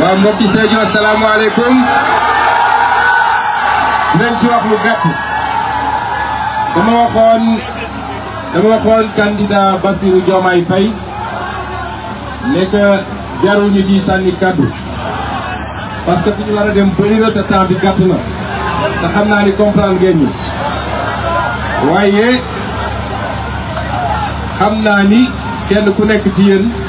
waaw mbokki assalamu alaykum nañ ci wax lu gatt dama waxone dama waxone candidat basirou Diomaye fay nek que ñu ci sanni kaddu parce que ñu wara dem beuri na ta temps bi gatt na te xamna ni comprendre ngeen ñu waye xamna ni kenn ku nek ci yeen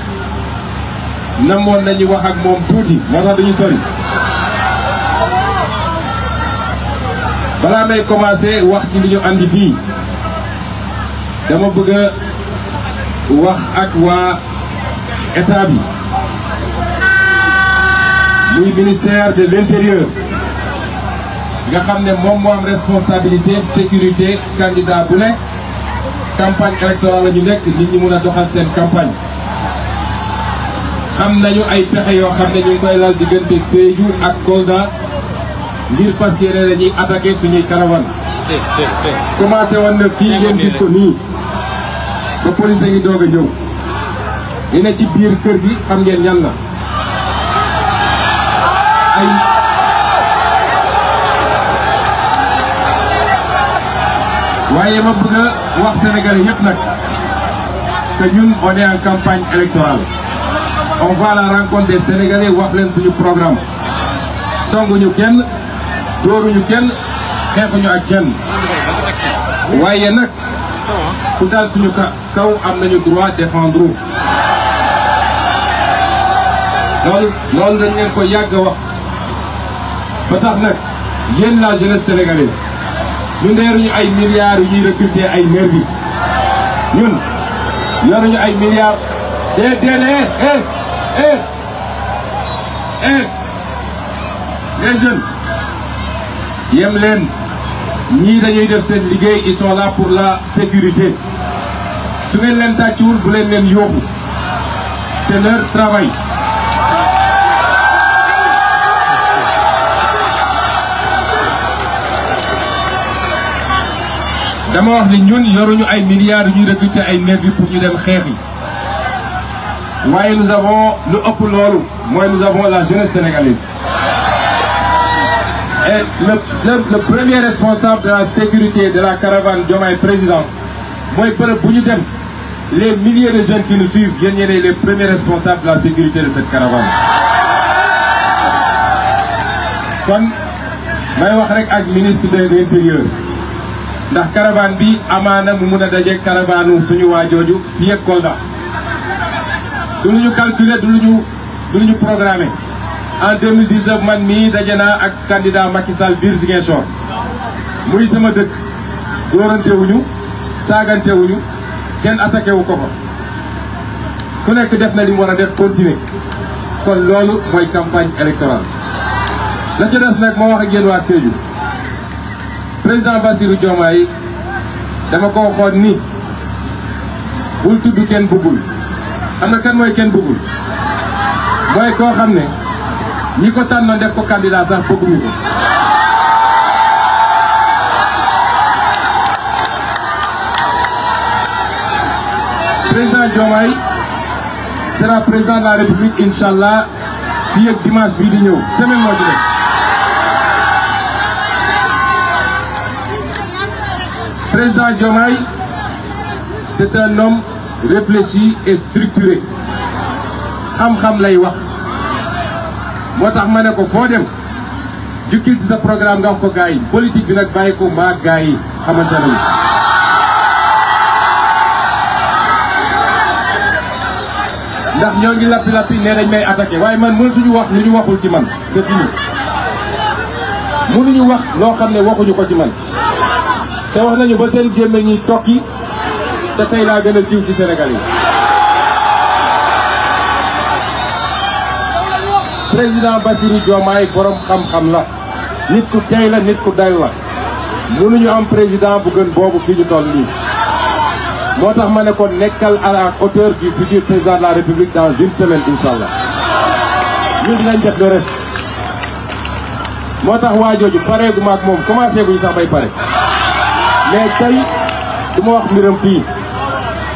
namoon lañu wax ak mom touti mo tax sori est wax ci ministère de l'intérieur nga xam responsabilité sécurité candidat bu campagne électorale ñu campagne xam nañu ay pexe yoo xam ne ñu koy laal diggante Sédhiou ak Kolda ngir fas yéene dañuy attaqué suñuy caravane commencé woon na fii ngeen gis ko nii ba police ngi doog a ñëw li ci biir kër gi xam ngeen ñan la ay waaye ma bëgg a wax sénégalais yëpp nag que ñun on est en campagne électorale on va à la wax leen suñu programme songuñu kenn dóoruñu kenn xeexuñu ak kenn waaye nag ku daal suñu kaw am nañu droit défendre u loolu loolu dañ ko yàgg wax ba tax nag yéen la jeunesse sénégalaise ñu neeruñu ay milliards yu recruter ay maire ñun yoruñu ay milliards eh, déedéet eh, eh. eh, eh jeunes yem leen ñii dañuy def seen liggéey ils pour la sécurité su ngeen leen tàcciwul bu leen leen yóbbu c'est leur travail. dama wax ni ñun yoruñu ay milliards yu ñuy recruter ay nervi pour ñu dem xeex yi. Moi, nous avons le ëpp moi nous avons la jeunesse sénégalaise et le, le premier responsable de la sécurité de la caravane Diomaye président moi bërëb bu dem les milliers de jeunes qui nous suivent viennent les premiers responsables de la sécurité de cette caravane kon may wax rek le ministre de l'intérieur ndax caravane bi amaana mu mun a caravane suñu waajooju fii ak caravane. du lu ñu calculer du lu ñu du lu ñu programmer en 2019 man mii daje naa ak candidat Macky Sall biir Ziguinchor muy sama dëkk dóorantewuñu saagantewuñu kenn attaqué wu ko fa ku nekk def na lim mu war a def continuer kon loolu mooy campagne électorale la ca des nag moo wax ak yéen waa Sédhiou président Bassirou Diomaye dama ko waxoon ni bul tudd kenn bëggul am na kan mooy kenn bëggul mooy koo xam ne ñi ko tànnoon def ko candidat sax bëgguñu ko. président Diomaye sera président de la république incha allah fii ak bii di ñëw semaine moo ci def. Président Diomaye c'est un homme réfléchi et structuré xam-xam lay wax moo tax ma ne ko foo dem jukkil ci sa programme nga ko gars yi politique bi nag bàyyi ko mbaa gaa yi xamante nañu ndax ñoo ngi lappi lappi ne dañ may attaqué waaye man mënatuñu wax lu ñu waxul ci man c'est fini mënuñu wax loo xam ne waxuñu ko ci man te wax nañu ba seen gémmiñ ñi tokki te tey laa gën a ci Sénégal président Bassirou Diomaye borom xam-xam la nit ku tey la nit ku dal la mënuñu am président bu gën boobu fi ñu toll nii. moo tax ma ne ko nekkal à la hauteur du futur président de la République dans une semaine incha allah ñun dinañ def le moo tax waa jooju pareegu ma ak moom commencé bu sax bay pare mais tey du wax mbiram fii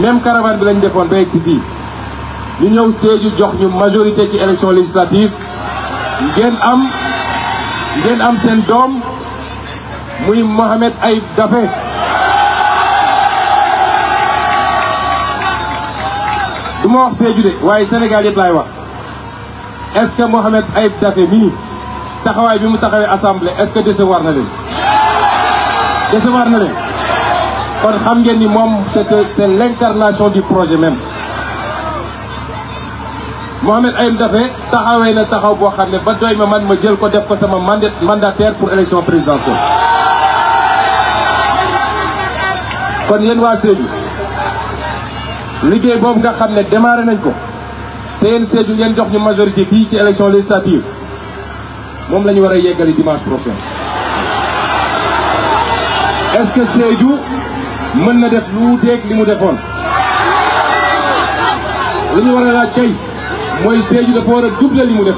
même caravane bi lañ defoon ba egsi fi ñu ñëw jox ñu majorité ci élection législative ngeen am ngeen am sen doom muy Mohamed ayb dafé du ma wax Sédhiou de waaye Sénégal yëpp lay wax est-ce que Mohamed ayb dafé mi taxaway bi mu taxawé assemblée est-ce que décevoir na leen décevoir na leen kon xam ngeen ni moom c'est c'est l'incarnation du projet même Mohamed Aïm Dafé taxawee na taxaw boo xam ne ba doy ma man ma jël ko def ko sama mandat mandataire pour élection présidentielle kon yéen waa Sédhiou liggéey boobu nga xam ne démarré nañ ko te yéen Sédhiou ngeen jox ñu majorité bii ci élection législative moom la ñu war a yeggali dimanche prochain est-ce que Sédhiou mën na def lu wuuteeg li mu defoon lu ñu war a laaj kay mooy Sédhiou dafa war a doubler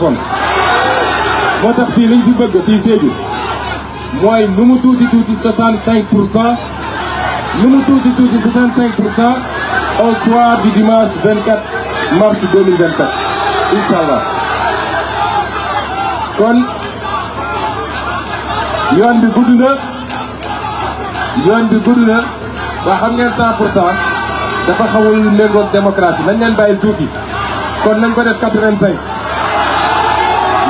tax liñ fi bëgg ci Sédhiou moy numu mu tuuti 65 numu cent nu 65 au soir du dimanche 24 mars 2024 inshallah kon yoon bi gudduna yoon bi gudduna waa xam ngeen 100 pour cent dafa xawul méngoog démocratie nañ leen bàyyil tuuti kon nañ ko def 85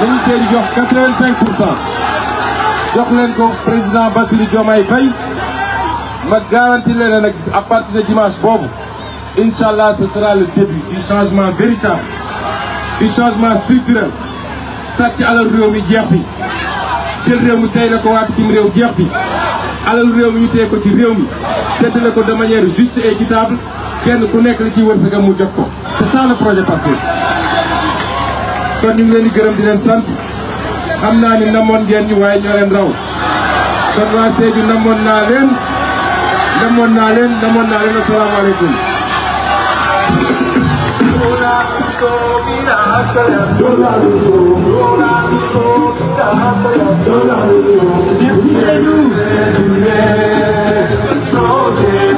nañ leen jox 85 pour cent jox leen ko président Bassirou Diomaye Faye ma garanti leen ne nag à partir de dimanche boobu incha allah ce sera le début changement véritable du changement structurel sàcc alal réew mi jeex bi jël réew mi tey na ko waa bitim réew jeex bi alal réew mi ñu tey ko ci réew mi. séddale ko de manière juste et équitable kenn ku nekk ci li ciy nga mu jot ko c'est ça le projet Pastef kon ñu ngi leen di gërëm di leen sant xam naa ni namoon ngeen ñu waaye ñoo leen raw kon waa Sédhiou namoon naa leen namoon naa leen namoon naa leen asalaamaaleykum closes